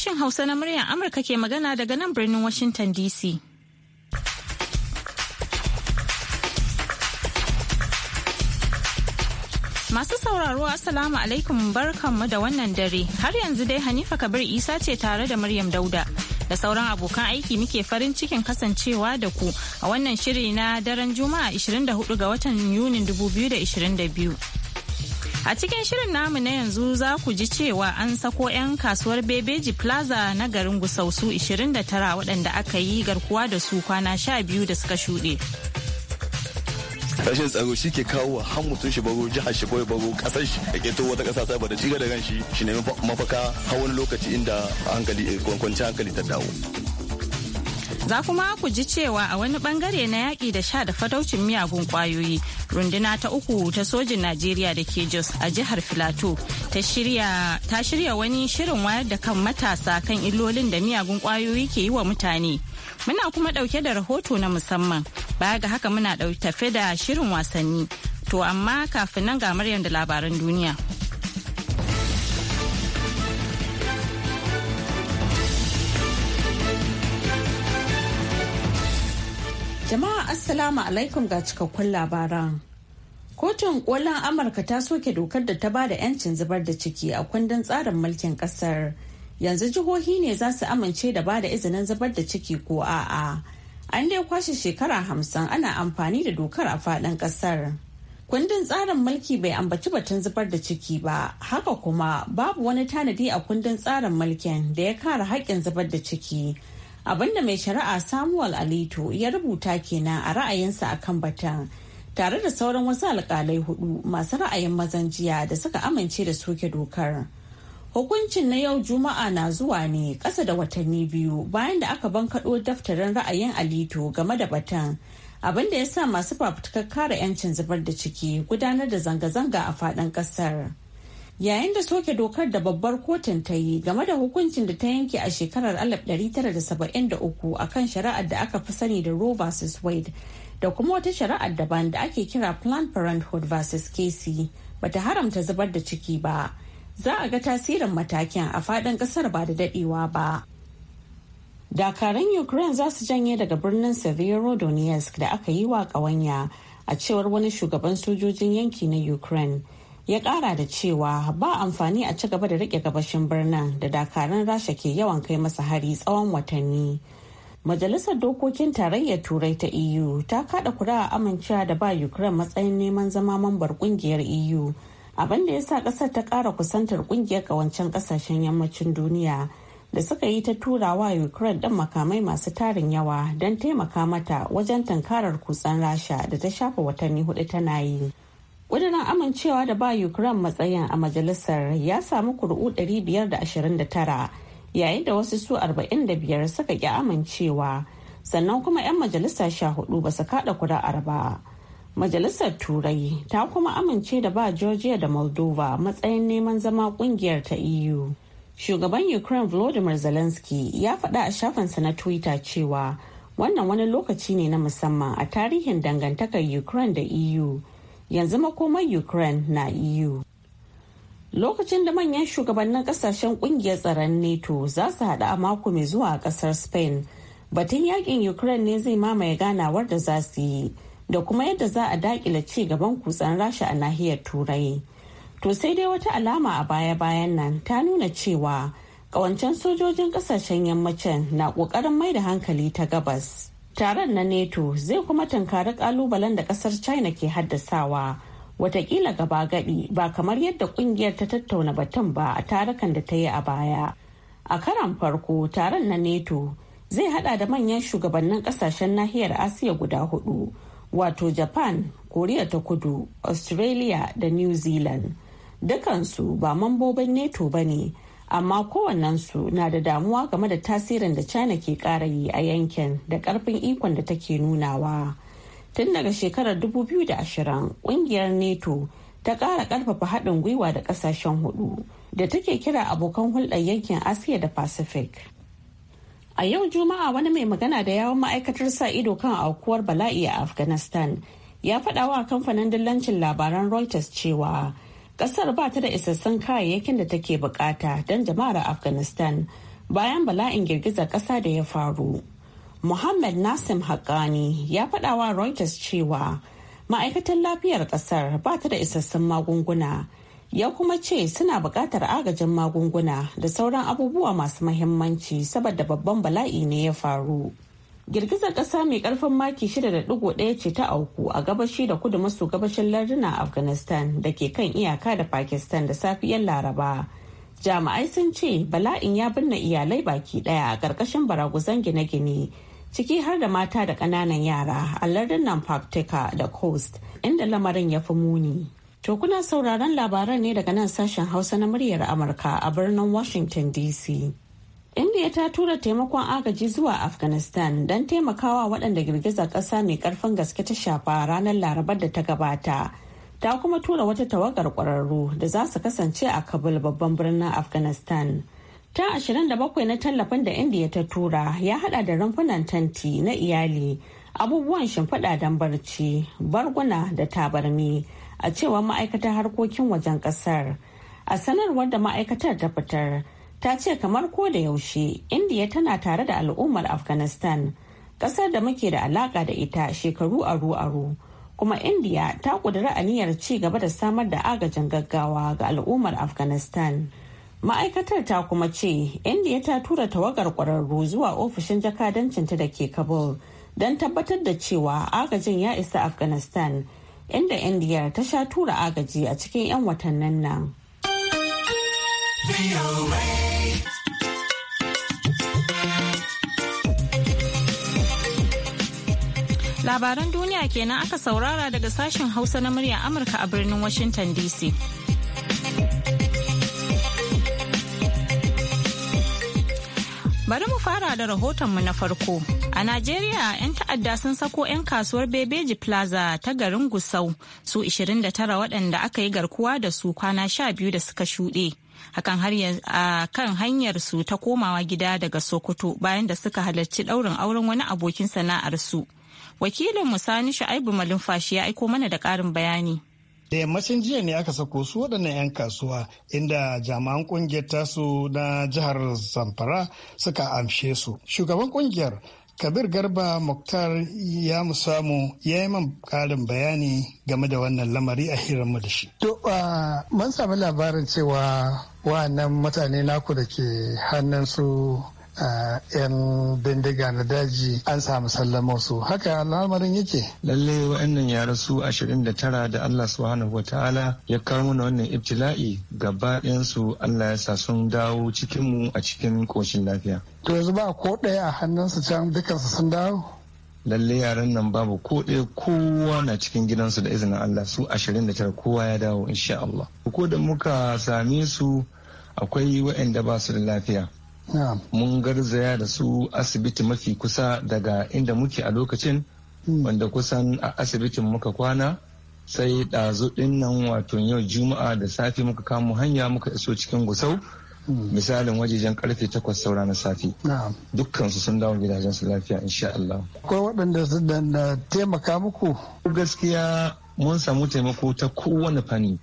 Sashen Hausa na muryar Amurka ke magana daga nan birnin Washington DC. Masu sauraro Assalamu alaikum barkanmu da wannan dare. Har yanzu dai Hanifa Kabir Isa ce tare da Maryam Dauda. Da sauran abokan aiki muke farin cikin kasancewa da ku a wannan shiri na daren Juma'a 24 ga watan Yunin 2022. A cikin shirin namu na yanzu za ku ji cewa an sako 'yan kasuwar Bebeji Plaza na garin Gusausu 29 waɗanda aka yi garkuwa da su kwana 12 da suka shuɗe. rashin tsaro shi ke kawo wa har mutum shi baro jihar shi kawai baro kasar shi ya ke wata kasa sai da shiga da ganshi shi ne mafaka hawan lokaci inda hankali eh, kwankwanci hankali ta dawo. Za kuma ku ji cewa a wani bangare na yaƙi da sha da fataucin miyagun ƙwayoyi runduna ta uku ta sojin Najeriya da ke Jos a jihar Filato ta shirya wani shirin wayar da kan matasa kan illolin da miyagun ƙwayoyi ke yi wa mutane. Muna kuma ɗauke da rahoto na musamman. Baya ga haka muna tafe da shirin wasanni. To amma kafin nan ga Maryam da labaran duniya. Jama'a Assalamu alaikum ga cikakkun labaran. Kotun kolon Amurka ta soke dokar da ta ba da 'yancin zubar da ciki a kundin tsarin mulkin kasar. Yanzu jihohi ne za su amince da ba da izinin zubar da ciki ko a'a. An dai kwashe shekara hamsin ana amfani da dokar a faɗin kasar. Kundin tsarin mulki bai ambaci batun zubar da ciki ba, haka kuma babu wani tanadi a kundin tsarin mulkin da ya kare haƙƙin zubar da ciki. abinda mai shari'a samuel alito ya rubuta kenan a ra'ayinsa a kan batun tare da sauran wasu alkalai hudu masu ra'ayin mazan jiya da suka amince da soke dokar hukuncin na yau juma'a na zuwa ne kasa da watanni biyu bayan da aka bankaɗo daftarin ra'ayin alito game da batun abinda ya sa masu fafutukar kare 'yancin zubar da ciki gudanar da zanga-zanga a faɗin ƙasar. yayin da soke dokar da babbar kotun ta yi game da hukuncin da ta yanke a shekarar 1973 a kan shari'ar da aka fi sani da roe vs wade da kuma wata shari'ar daban da ake kira planned parenthood vs casey bata haramta zubar da ciki ba za a ga tasirin matakin a fadin kasar ba da dadewa ba dakarun ukraine za su janye daga birnin severo donetsk da aka yi wa kawanya a cewar wani shugaban sojojin yanki na ukraine ya kara da cewa ba amfani a ci gaba da rike gabashin birnin da dakarun rasha ke yawan kai masa hari tsawon watanni majalisar dokokin tarayyar turai ta eu ta kada kura a amincewa da ba ukraine matsayin neman zama mambar kungiyar eu abinda da ya sa kasar ta kara kusantar kungiyar kawancen kasashen yammacin duniya da suka yi ta tura wa ukraine ɗin makamai masu tarin yawa don taimaka mata wajen tankarar kutsan rasha da ta shafa watanni hudu tana yi Wadannan amincewa da ba ukraine matsayin a majalisar ya samu kuri'u 529 yayin da wasu su 45 suka ƙi amincewa sannan kuma 'yan majalisa sha hudu ba su kada kuri'ar ba majalisar turai ta kuma amince da ba georgia da moldova matsayin neman zama kungiyar ta eu shugaban ukraine volodymyr zelensky ya faɗa a shafinsa na twitter cewa wannan wani lokaci ne na musamman a tarihin dangantakar ukraine da eu yanzu makomar ukraine na eu lokacin da manyan shugabannin kasashen kungiyar tsaron nato za su haɗu a mako mai zuwa a ƙasar spain batun yakin ukraine ne zai mamaye ganawar da za su yi da kuma yadda za a dakila ci gaban kutsan rasha a nahiyar turai to sai dai wata alama a baya-bayan nan ta nuna cewa kawancen sojojin kasashen yammacin na kokarin mai da hankali ta gabas Taron na neto zai kuma tunkari kalubalen da kasar China ke haddasawa. Watakila gaba gadi ba kamar yadda kungiyar ta tattauna batun ba a tarukan da ta yi a baya. A karan farko taron na neto zai hada da manyan shugabannin ƙasashen nahiyar Asiya guda hudu, wato Japan, Koriya ta kudu, Australia da New Zealand. Dukansu ba mambobin neto ba ne. amma kowannensu na da damuwa game da tasirin da china ke ƙara yi a yankin da ƙarfin ikon da take nunawa tun daga shekarar 2020 ƙungiyar neto ta ƙara ƙarfafa haɗin gwiwa da ƙasashen hudu da take kira abokan hulɗar yankin asiya da pacific a yau juma'a wani mai magana da yawon ma'aikatar sa ido kan aukuwar bala'i a afghanistan ya faɗawa kamfanin dillancin labaran reuters cewa Kasar ba ta da isassun kayayyakin da take bukata don jama'ar Afghanistan bayan bala'in girgizar kasa da ya faru. Muhammad Nasim Haqqani ya faɗa wa Reuters cewa ma'aikatan lafiyar kasar ba ta da isassun magunguna ya kuma ce suna buƙatar agajin magunguna da sauran abubuwa masu mahimmanci saboda babban bala'i ne ya faru. girgizar ƙasa mai karfin maki 6.1 ce ta auku a gabashi da kudu maso gabashin larduna afghanistan da ke kan iyaka da pakistan da safiyar laraba jami'ai sun ce bala'in ya binne iyalai baki daya a karkashin baraguzan gine-gine ciki har da mata da kananan yara a lardunan faktika da coast inda lamarin ya fi muni to kuna sauraron labaran ne daga nan sashen hausa na muryar amurka a birnin washington dc india ta tura taimakon agaji zuwa afghanistan don taimakawa waɗanda girgizar ƙasa mai ƙarfin gaske ta shafa ranar larabar da ta gabata ta kuma tura wata tawagar ƙwararru da za su kasance a kabul babban birnin afghanistan ta 27 na tallafin da india ta tura ya haɗa da rumfunan tanti na iyali abubuwan shimfiɗa don barci barguna da tabarmi a cewar ma'aikatar harkokin wajen ƙasar a sanarwar da ma'aikatar ta fitar ta ce kamar ko da yaushe indiya tana tare da al'ummar afghanistan kasar da muke da alaka da ita shekaru aru-aru kuma indiya ta kudura aniyar ci gaba da samar da agajin gaggawa ga al'ummar afghanistan ma'aikatar ta kuma ce indiya ta tura tawagar kwararru zuwa ofishin jakadancinta da ke kabul don tabbatar da cewa agajin ya isa afghanistan inda indiya ta sha tura agaji a cikin 'yan watannin nan. Labaran duniya kenan aka saurara daga sashen Hausa na murya Amurka a birnin Washington DC. Bari mu fara da rahotonmu na farko. A Najeriya, 'yan ta'adda sun sako 'yan kasuwar Bebeji Plaza ta garin Gusau su 29 waɗanda aka yi garkuwa da su kwana 12 da suka shuɗe. Hakan har kan hanyar su ta komawa gida daga Sokoto bayan da suka halarci ɗaurin auren wani abokin sana'ar su. wakilin musani shu'aibu malumfashi ya aiko mana da ƙarin bayani da yammacin jiya ne aka sako su waɗannan 'yan kasuwa inda jami'an ƙungiyar tasu na jihar zamfara suka amshe su shugaban ƙungiyar kabir garba muktar ya musamu ya yi man ƙarin bayani game da wannan lamari a mu da shi to mun sami labarin cewa wa'annan mutane naku da ke hannun su 'yan bindiga na daji an samu sallama su haka al'amarin yake lalle wa'annan yara su 29 da Allah subhanahu wa ta'ala ya kawo mana wannan ibtila'i gaba su Allah ya sa sun dawo cikin mu a cikin koshin lafiya to yanzu ba ko ɗaya a hannunsu can su sun dawo lalle yaran nan babu ko ɗaya kowa na cikin gidansu da izinin Allah su 29 kowa ya dawo insha Allah ko da muka same su akwai waɗanda ba su da lafiya mun garzaya da su asibiti mafi kusa daga inda muke a lokacin hmm. wanda kusan a asibitin muka kwana sai ɗazu ɗin nan wato yau juma'a da safe muka kamo hanya muka iso cikin gusau hmm. misalin wajejen karfe takwas saura na safe dukkansu sun dawo gidajensu lafiya insha Allah. Akwai waɗanda su taimaka muku gaskiya mun samu taimako ta kowane fanni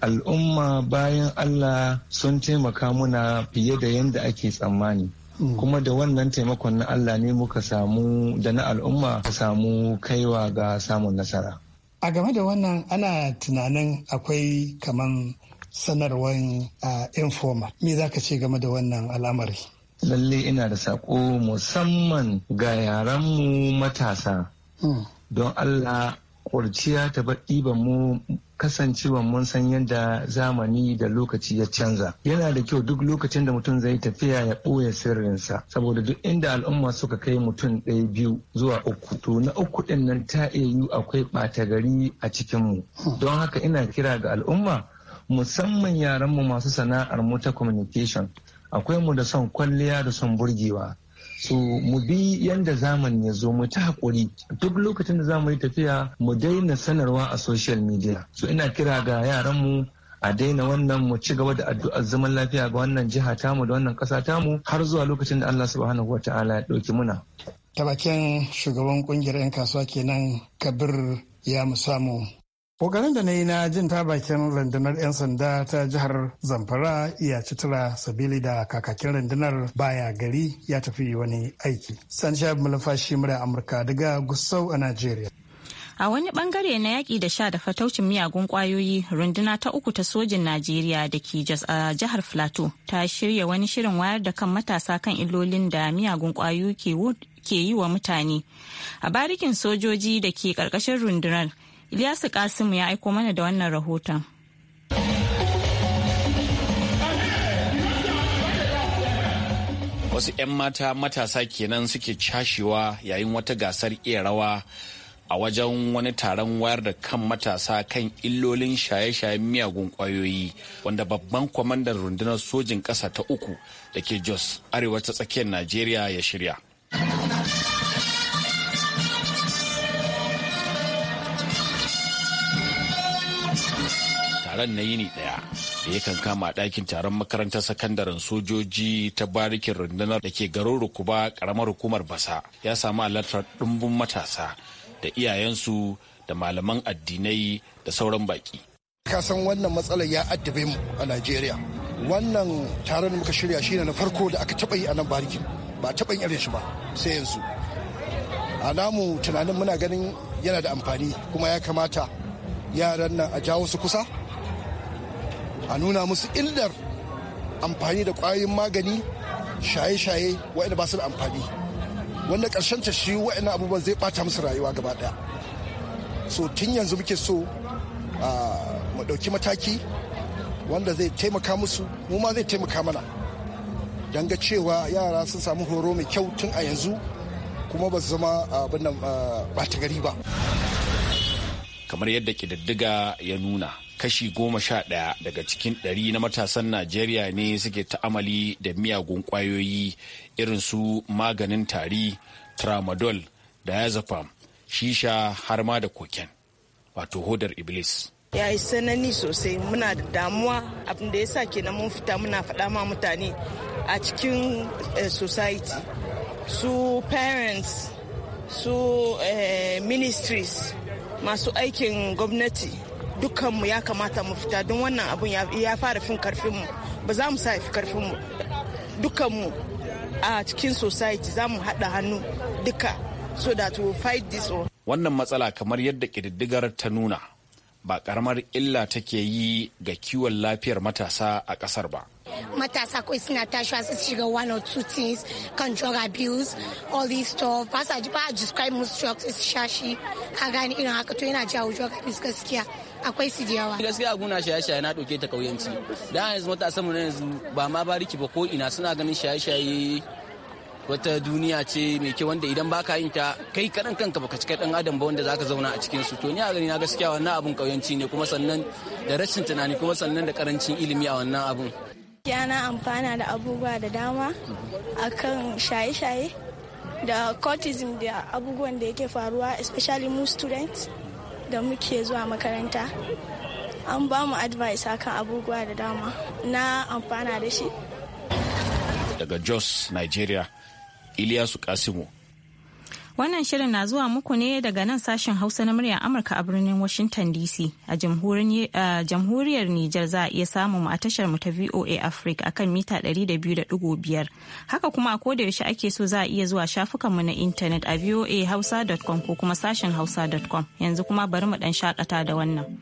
al'umma bayan Allah sun taimaka muna fiye da yadda ake tsammani. Mm. kuma da wannan taimakon na Allah ne muka samu da na al'umma Ka samu kaiwa ga samun nasara. A game da wannan ana tunanin akwai kaman sanarwar ah, informa. Me za ka ce game da wannan al'amari? Lalle ina da saƙo musamman ga yaranmu matasa. Mm. Don Allah kurciya ta baɗi ba mu kasancewa mun san yadda zamani da lokaci ya canza yana da kyau duk lokacin da mutum zai tafiya ya ɓoye sirrinsa saboda duk inda al'umma suka kai mutum ɗaya biyu zuwa uku to na uku ɗin nan ta iya yi akwai ɓata gari a cikinmu don haka ina kira ga al'umma musamman yaranmu masu sana'ar mu ta communication akwai mu da son kwalliya da son burgewa so mu bi yanda zamani ya zo mu ta hakuri duk lokacin da zamu yi tafiya mu daina sanarwa a social media so ina kira ga yaran mu a daina wannan mu ci gaba da addu'ar zaman lafiya ga wannan jiha tamu da wannan kasa mu har zuwa lokacin da Allah subhanahu wataala ya dauki muna ta bakin shugaban kungiyar 'yan kasuwa kenan kabir ya musamu Ƙoƙarin da na yi na jin ta bakin rundunar 'yan sanda ta jihar Zamfara iya citira sabili da kakakin rundunar baya gari ya tafi wani aiki. Sanshab Mulfashi murya Amurka daga Gusau a Najeriya. A wani bangare na yaƙi da sha da fataucin miyagun ƙwayoyi runduna ta uku ta sojin Najeriya da ke jihar Filato ta shirya wani shirin wayar da kan matasa kan illolin da miyagun ƙwayoyi ke yi wa mutane. A barikin sojoji da ke ƙarƙashin rundunar Ilyasu Kasimu ya aiko mana da wannan rahoton. Wasu 'yan mata matasa kenan suke cashewa yayin wata gasar iya rawa a wajen wani taron wayar da kan matasa kan illolin shaye-shayen miyagun kwayoyi wanda babban kwamandan rundunar sojin ƙasa ta uku da ke jos arewa ta tsakiyar najeriya ya shirya. taron na yini daya da yakan kama dakin taron makarantar sakandaren sojoji ta barikin rundunar da ke garin rukuba karamar hukumar basa ya samu alatar ɗumbin matasa da iyayensu da malaman addinai da sauran baki. kasan wannan matsalar ya addabe mu a najeriya wannan taron muka shirya shine na farko da aka taɓa yi a nan barikin ba taɓa yin irin shi ba sai yanzu a namu tunanin muna ganin yana da amfani kuma ya kamata yaran nan a jawo su kusa a nuna musu illar amfani da kwayoyin magani shaye-shaye waɗanda ba su da amfani wanda ƙarshen ta shi waɗannan abubuwan zai bata musu rayuwa gaba ɗaya so tun yanzu muke so mu ɗauki mataki wanda zai taimaka musu mu ma zai taimaka mana don ga cewa yara sun samu horo mai kyau tun a yanzu kuma ba su zama abin nan ɓata gari ba kamar yadda ƙididdiga ya nuna kashi goma sha ɗaya daga cikin ɗari na matasan najeriya ne suke ta'amali da miyagun ƙwayoyi irin su maganin tari tramadol da diazepam shisha har ma da koken wato hodar iblis ya yi sanani sosai muna da damuwa abin da ya sa kenan mun fita muna faɗa ma mutane a cikin eh, society su parents su eh, ministries masu aikin gwamnati dukkanmu ya kamata mu fita don wannan abun ya fara fin karfinmu ba za mu sa fi karfinmu dukkanmu a cikin society za mu haɗa hannu duka so that we fight this war. Wannan matsala kamar yadda kididdigar ta nuna ba karamar illa take yi ga kiwon lafiyar matasa a ƙasar ba. matasa kwai suna tashi su shiga one or two things kan drug abuse all this stuff ba sa ji ba a describe musu drugs su shashi ka gani irin haka to yana jawo drug abuse gaskiya akwai su da yawa gaskiya guna shaye-shaye na ɗauke ta ƙauyenci da yanzu matasan mu na yanzu ba ma bariki ba ko ina suna ganin shaye-shaye wata duniya ce mai kyau wanda idan baka yin ta kai kaɗan kanka baka cika ɗan adam ba wanda zaka zauna a cikin su to ni a gani na gaskiya wannan abun ƙauyenci ne kuma sannan da rashin tunani kuma sannan da ƙarancin ilimi a wannan abun na amfana da abubuwa da dama akan shaye-shaye da cultism da abubuwan da yake faruwa especially mu students da muke zuwa makaranta an ba mu advice akan abubuwa da dama na amfana da shi daga jos nigeria iliyasu kasimu Wannan shirin na zuwa muku ne daga nan sashen Hausa na muryar Amurka a birnin Washington DC a jamhuriyar Nijar za a iya samu mu a tashar mu ta VOA Africa akan mita 200.5. Haka kuma a koda yaushe ake so za a iya zuwa shafukan mu na intanet a voahausa.com ko kuma sashen hausa.com yanzu kuma bari mu dan shakata da wannan.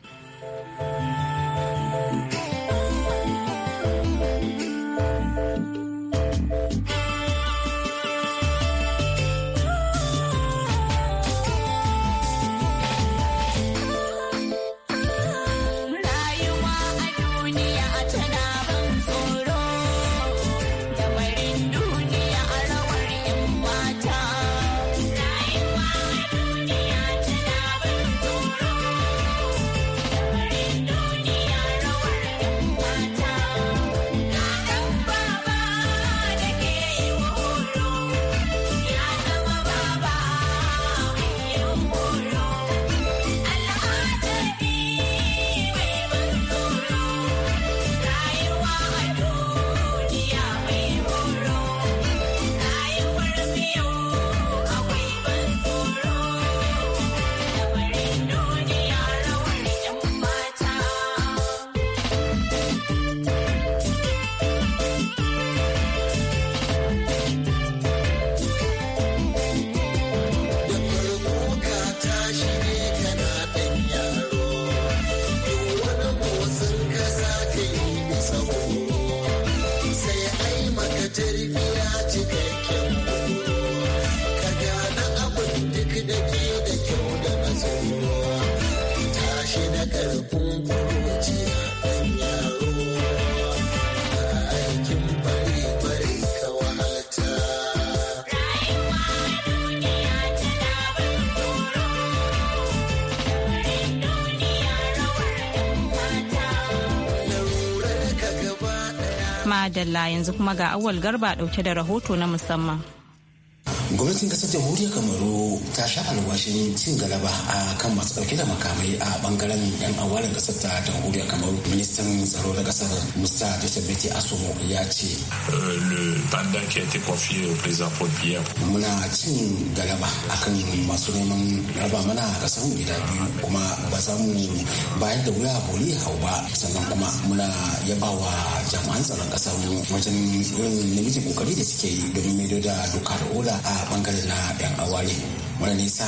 dalla yanzu kuma ga awal garba dauke da rahoto na musamman. gwamnatin kasar jamhuriyar kamaru ta sha alwashin cin galaba a kan masu dauke da makamai a bangaren yan awalin kasar ta jamhuriyar kamaru ministan tsaro na kasar musta joseph asomo ya ce euh, muna cin galaba a kan masu neman raba mana kasar gida biyu kuma ba za mu bayar da wuya boli hau ba sannan kuma muna yaba wa jami'an tsaron kasar wajen irin namijin kokari da suke yi domin maido da doka da ola a a bangare na yan aware wani nisa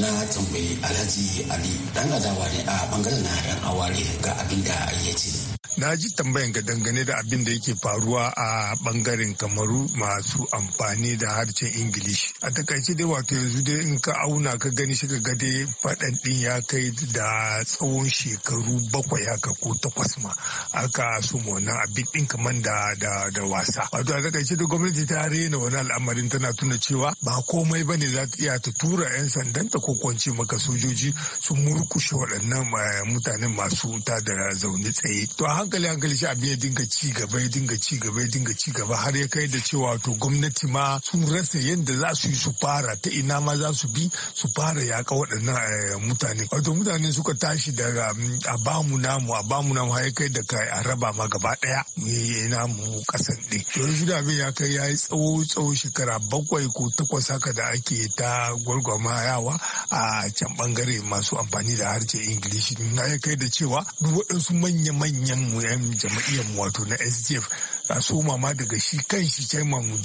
na tambayi alhaji ali dan adawa ne a bangare na yan aware ga abinda da ya ce na ji tambayan ga dangane da abin da yake faruwa a bangaren kamaru masu amfani da harshen ingilishi a takaice dai wato yanzu dai in ka auna ka gani shiga ga dai faɗan ɗin ya kai da tsawon shekaru bakwai haka ko takwas ma aka so wannan abin ɗin kamar da da wasa wato a takaice da gwamnati ta rena wani al'amarin tana tuna cewa ba komai bane za ta iya ta tura 'yan sandanta ko kwance maka sojoji su murkushe waɗannan eh, mutanen masu ta da zaune tsaye hankali hankali shi abin ya dinga ci gaba ya dinga ci gaba ya dinga ci gaba har ya kai da cewa to gwamnati ma sun rasa yadda za su yi su fara ta ina ma za su bi su fara yaƙa waɗannan eh, mutane wato mutane suka tashi daga mm, a bamu namu a bamu namu har ya kai da kai a raba ma gaba ɗaya me namu ƙasan ɗin to yanzu abin ya kai ya yi tsawo tsawo shekara bakwai ko takwas haka da ake ta yawa a can bangare masu amfani da harshen ingilishi na ya kai da cewa duk waɗansu manya-manyan mu yan jama'iyyar mu wato na sdf a soma ma daga shi kan shi chairman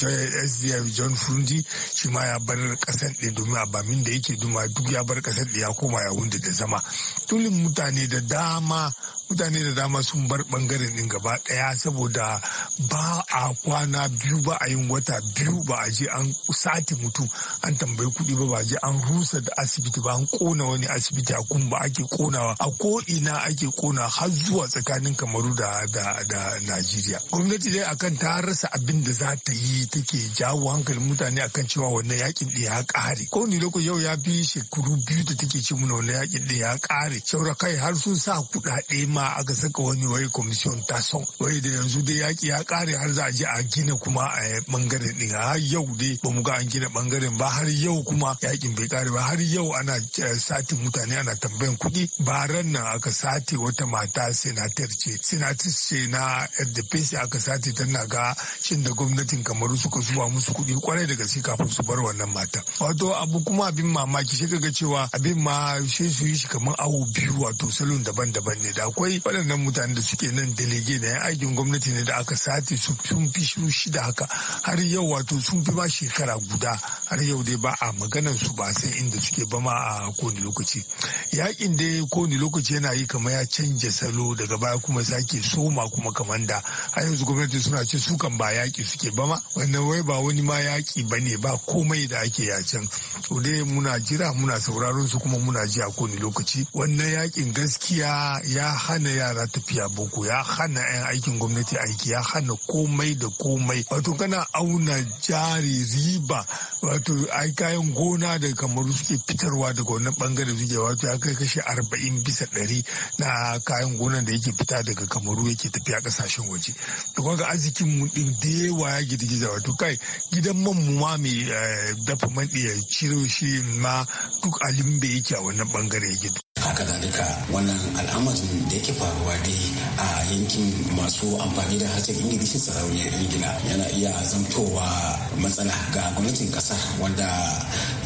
sdf john frundi shi ma ya bar kasar ɗin domin abamin da yake duma duk ya bar kasar ɗin ya koma ya wunda da zama tulin mutane da dama mutane da dama sun bar bangaren din gaba daya saboda ba a kwana biyu ba a yin wata biyu ba a je an sati mutu an tambayi kuɗi ba ba je an rusa da asibiti ba an kona wani asibiti a kun ba ake konawa a ko ina ake kona har zuwa tsakanin kamaru da da najeriya gwamnati dai akan ta rasa abin da za ta yi take jawo hankalin mutane akan cewa wannan yakin ɗin ya ƙare ko ni lokaci yau ya fi shekaru biyu da take ce muna wannan yakin ɗin ya ƙare saura kai har sun sa kuɗaɗe ma aka saka wani wai commission tason wai da yanzu dai yaki ya kare har za a je a gina kuma a bangaren din a yau dai ba mu ga an gina bangaren ba har yau kuma yakin bai kare ba har yau ana eh, satin mutane ana tambayan kuɗi ba ran nan aka sati wata mata senator ce senator ce na SDP aka sati tana ga shin da gwamnatin kamar suka zuwa musu kuɗi kwarai da gaske kafin su bar wannan mata wato abu kuma abin mamaki ka ga cewa abin ma sai su yi shi kamar awo biyu wato salon daban-daban ne da akwai akwai waɗannan mutane da suke nan delege da yan aikin gwamnati ne da aka sace su sun fi shida haka har yau wato sun fi ba shekara guda har yau dai ba a maganar su ba san inda suke ba ma a kowane lokaci yakin dai kowane lokaci yana yi kamar ya canja salo daga baya kuma sake soma kuma kamar da har yanzu gwamnati suna ce su kan ba yaki suke ba ma wannan wai ba wani ma yaki ba ne ba komai da ake yacen to dai muna jira muna sauraron su kuma muna ji a kowane lokaci wannan yakin gaskiya ya hana yara tafiya boko ya hana 'yan aikin gwamnati aiki ya hana komai da komai wato kana auna jari riba wato ai kayan gona da kamar suke fitarwa daga wannan bangare suke wato ya kai kashe arba'in bisa ɗari na kayan gona da yake fita daga kamaru yake tafiya kasashen waje da kuma arzikin mu din da yawa ya girgiza wato kai gidan man mu ma mai eh, dafa man ɗaya ciro shi ma duk alimbe yake a wannan bangare gidi. haka wannan al'amarin da yake faruwa dai a yankin masu amfani da harshen ingilishin sarauniyar ingila yana iya zamtowa matsala ga gwamnatin kasar wanda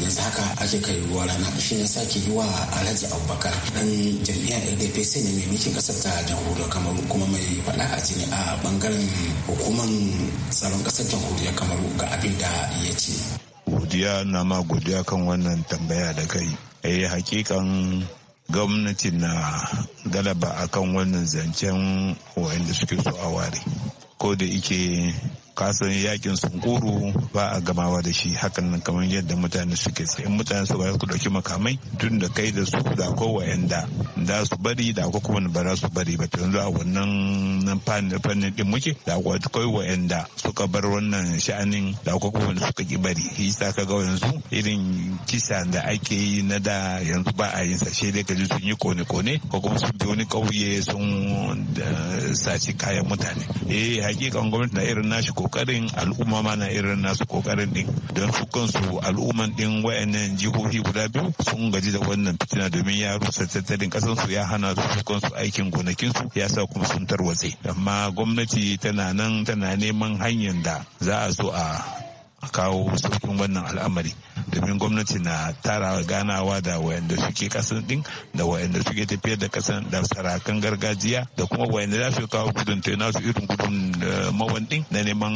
yanzu haka ake kai ruwa rana shi ne sake yi wa alhaji abubakar dan jam'iyyar ldp sai ne mai mulkin kasar ta jamhuriyar kamaru kuma mai faɗa a jini a bangaren hukuman tsaron kasar jamhuriyar kamaru ga abin da ya ce godiya na ma godiya kan wannan tambaya da kai eh hakikan gwamnati na galaba akan wannan zancen wa'anda suke so a ware ko da ike kasan yakin sunkuru ba a gamawa da shi hakan nan kamar yadda mutane suke tsaye mutane su ba su dauki makamai tun da kai da su da ko wayanda da su bari da ko kuma ba za su bari ba yanzu a wannan nan fannin din muke da akwai wayanda suka bar wannan sha'anin da ko kuma suka ki bari shi yasa ka ga yanzu irin kisa da ake yi na da yanzu ba a yin sa sai dai kaji sun yi kone kone ko kuma sun bi wani kauye sun eh, saci kayan mutane eh hakikan gwamnati na irin nashi kokarin al'umma ma na irin nasu kokarin din don su kansu al'umman din wayannan jihohi guda biyu sun gaji da wannan fitina domin ya rusa tattalin kasan su ya hana su kansu aikin gonakin su ya sa kuma sun tarwatse amma gwamnati tana nan tana neman hanyar da za a so a kawo sauƙin wannan al'amari domin gwamnati na tara ganawa da wayanda suke kasan din da wayanda suke tafiyar da kasan da sarakan gargajiya da kuma wayanda za su kawo gudun ta na su irin gudun eh, mawan din na neman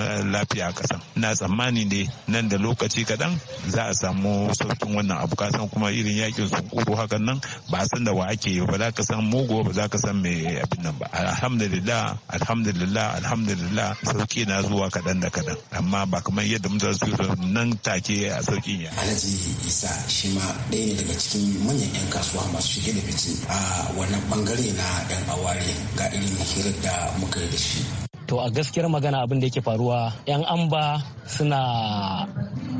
eh, lafiya a kasan ina tsammani ne nan da lokaci kaɗan za a samu saukin wannan abu kasan kuma irin yakin kuro hakan nan ba san da wa ake yi ba za ka san mugu ba za ka san mai abin nan ba alhamdulillah alhamdulillah alhamdulillah sauki na zuwa kaɗan da kaɗan amma ba kamar yadda mutane su nan take a sauƙi ya. Alhaji Isa shi ma ɗaya ne daga cikin manyan 'yan kasuwa masu shige da fice a wannan bangare na 'yan aware ga irin hirar da muka yi da shi. to a gaskiyar magana abin da yake faruwa yan amba suna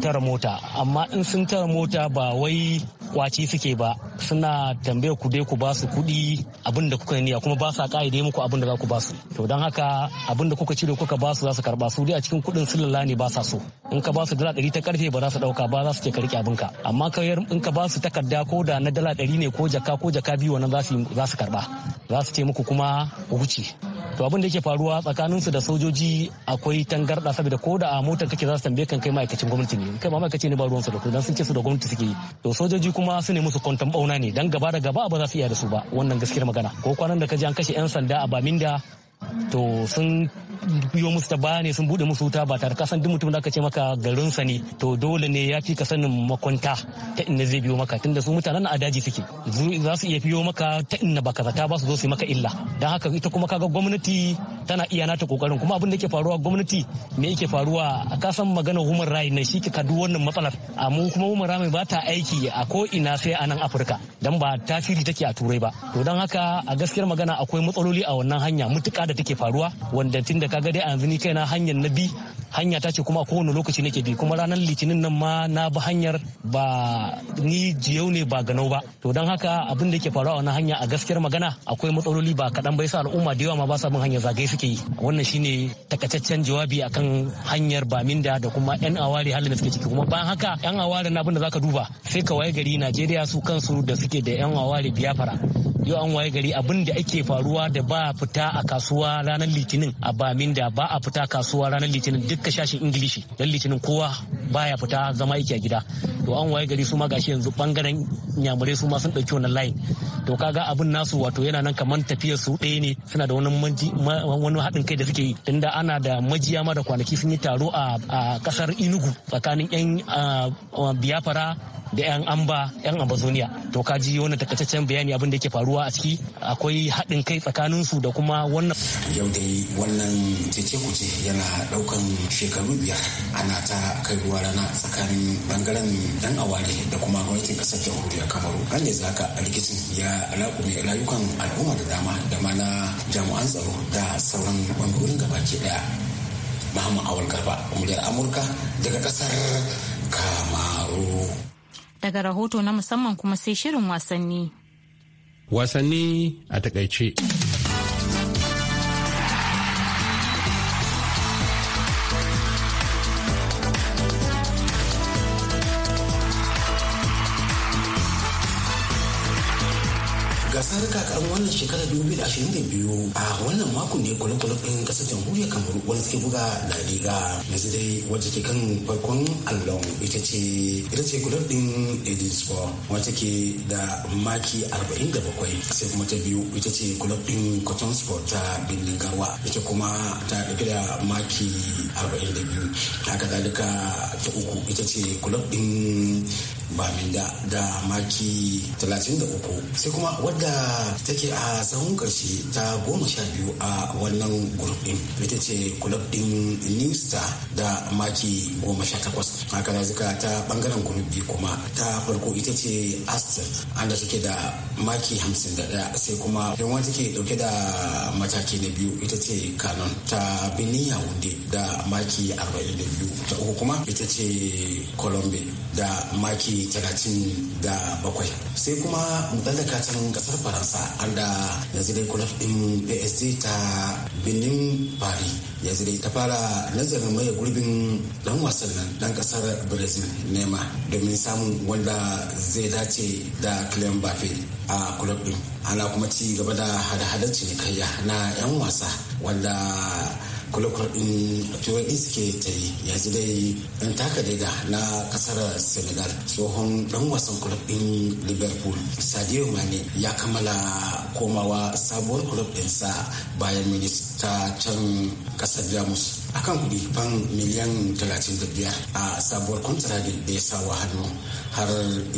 tara mota amma in sun tara mota ba wai kwaci suke ba suna tambayar ku dai ku ba su kuɗi abin da kuka niya kuma ba sa ƙa'ide muku abin da za ku ba su to don haka abin da kuka cire kuka ba su za su karba su dai a cikin kuɗin silala ne ba sa so in ka ba su dala ɗari ta karfe ba za su ɗauka ba za su ce ka riƙe abinka amma in ka ba su takarda ko da na dala ɗari ne ko jaka ko jaka biyu wannan za su karba za su ce muku kuma ku wuce to abin da yake faruwa tsakanin su da sojoji akwai tangarda saboda ko da a motar kake za su tambaye kan kai ma'aikacin gwamnati ne kai ma ma'aikaci ne ba ruwan su da kuɗi dan sun ce su da gwamnati suke yi to sojoji kuma su ne musu kwantan bauna ne dan gaba da gaba ba za su iya da su ba wannan gaskiyar magana ko kwanan da ka ji an kashe yan sanda a Baminda to sun biyo musu ta baya sun bude musu wuta ba tare kasan duk mutum da aka ce maka garinsa ne to dole ne ya fi ka sanin makwanta ta inda zai biyo maka tunda su mutanen a daji suke za su iya biyo maka ta inda baka zata ba su zo su maka illa Dan haka ita kuma kaga gwamnati tana iya nata kokarin kuma abin da yake faruwa gwamnati me yake faruwa a kasan magana human rights ne shi ka kadu wannan matsalar amma kuma human rights ba ta aiki a ko ina sai a nan Afirka dan ba tasiri take a turai ba to don haka a gaskiyar magana akwai matsaloli a wannan hanya mutuka da take faruwa wanda tun da kaga dai yanzu ni kaina hanyar na bi hanya ta ce kuma kowane lokaci nake bi kuma ranar litinin nan ma na bi hanyar ba ni jiyau ne ba ganau ba to don haka abin da ke faruwa wannan hanya a gaskiyar magana akwai matsaloli ba kaɗan bai sa al'umma da yawa ma ba sa bin hanyar zagaye suke yi wannan ne takataccen jawabi akan hanyar baminda da kuma yan awari halin da suke ciki kuma bayan haka yan awari na abin da ka duba sai ka waye gari Najeriya su kansu da suke da yan awari biyafara yau an waye gari abin da ake faruwa da ba a fita a kasuwa ranar litinin a bamin da ba a fita kasuwa ranar litinin dukkan shashin ingilishi dan litinin kowa baya fita zama yake a gida to an waye gari su ma gashi yanzu bangaren nyamurai su ma sun dauki wannan layin to kaga abin nasu wato yana nan kamar tafiyar su ɗaya ne suna da wani manji wani haɗin kai da suke yi tunda ana da majiya ma da kwanaki sun yi taro a kasar inugu tsakanin yan biyafara da 'yan amba 'yan ambazonia to ka ji wani takaitaccen bayani abin da ke faruwa a ciki akwai haɗin kai tsakanin su da kuma wannan yau dai wannan cece kuce yana ɗaukan shekaru biyar ana ta kai ruwa rana tsakanin bangaren dan awali da kuma gwamnatin kasar jamhuriyar kamaru kan ne zaka rikicin ya alaƙume rayukan al'umma da dama da ma na jami'an tsaro da sauran bangarorin gabaki daya Muhammad Awal Garba, Amurka daga kasar Kamaru. daga rahoto na musamman kuma sai shirin wasanni. Wasanni a takaice. gasar karin wannan shekarar 2022 a wannan mako ne kwale-kwale ɗin ƙasar jamhuriyar kamaru wani suke buga la liga yanzu dai wacce ke kan farkon allon ita ce ita ce kulab ɗin edinsport wacce ke da maki 47 sai kuma ta biyu ita ce kulab ɗin cotton sport ta birnin garwa ita kuma ta ɗauke da maki 42 haka zalika ta uku ita ce kulab ɗin baminda da maki 33 sai kuma wadda da take a tsawon karshe ta goma sha biyu a wannan gurbin din ita ce club din new star da maki goma sha takwas haka na zika ta bangaren grup biyu kuma ta farko ita ce aston anda take da maki hamsin da ɗaya sai kuma yawan take dauke da mataki na biyu ita ce kanon ta biniya wunde da maki arba'in da biyu ta uku kuma ita ce colombe da maki talatin da bakwai sai kuma mu tsallaka can kasar faransa anda da dai kulaf din psg ta birnin paris ya ta fara nazarin mai gurbin dan wasan nan dan kasar brazil nema domin samun wanda zai dace da kylian bafe a kulaf din ana kuma ci gaba da hada-hadar cinikayya na 'yan wasa wanda club din turai ta yi yanzu dai dan taka daida na kasar senegal tsohon dan wasan kulub din liverpool sadio mane ya kammala komawa sabuwar club sa bayan minista can kasar jamus akan kudi fan miliyan 35 a sabuwar kwantaragin da ya wa hannu har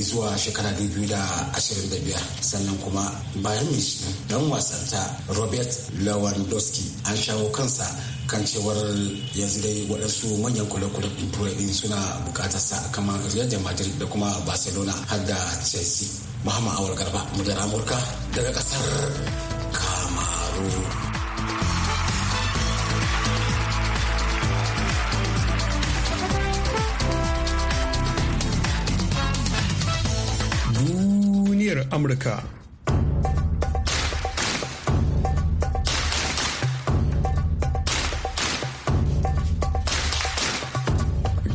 zuwa shekara 2025 sannan kuma bayan minista dan wasanta robert lewandowski an shawo kansa kan cewar yanzu dai waɗansu manyan kula kule turai din suna bukatar sa kamar Real Madrid da kuma Barcelona har da Chelsea. Muhammad Awal Garba, mujar Amurka daga ƙasar Kamaru. Amurka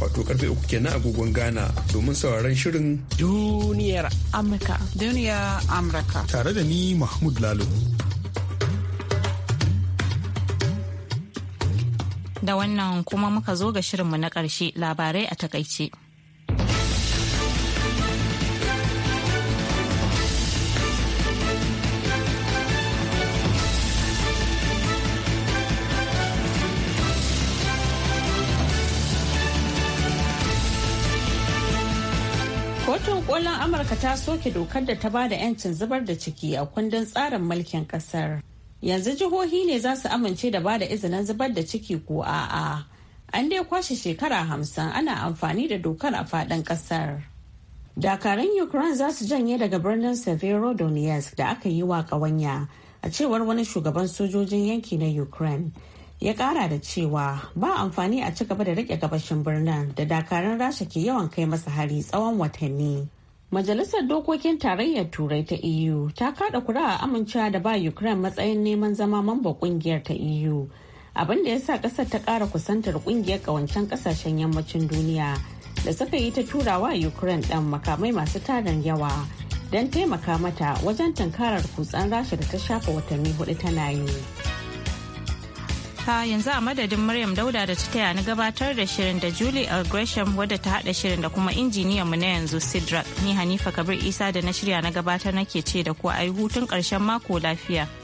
wato karfe uku kenan agogon Ghana domin sauraron shirin duniyar Amurka. Duniyar Amurka. Tare da ni Mahmud Lalo. Da wannan kuma muka zo ga shirinmu na ƙarshe labarai a takaice. Kotun kolon Amurka ta soke dokar da ta ba da 'yancin zubar da ciki a kundin tsarin mulkin kasar. Yanzu jihohi ne za su amince da ba da izinin zubar da ciki ko a'a. An dai kwashe shekara hamsin ana amfani da dokar a faɗin ƙasar. Dakarun Ukraine za su janye daga birnin Severodonetsk da aka yi wa ƙawanya a cewar wani shugaban sojojin yanki na Ukraine. ya kara da cewa ba amfani a ci gaba da rike gabashin birnin da dakarun rasha ke yawan kai masa hari tsawon watanni majalisar dokokin tarayyar turai ta eu ta kada kura a amincewa da ba ukraine matsayin neman zama mamba kungiyar ta eu abin da ya sa kasar ta kara kusantar kungiyar kawancen kasashen yammacin duniya da suka yi ta turawa ukraine ɗan makamai masu tarin yawa don taimaka mata wajen tankarar kutsan rasha da ta shafa watanni hudu tana yi. Ha yanzu a madadin Maryam Dauda da ta taya ni gabatar da shirin da Julie L. wadda ta haɗa shirin da kuma injiniyan mu na yanzu Sidrak. Ni Hanifa Kabir Isa da na shirya na gabatar nake ce da ku a hutun karshen mako lafiya.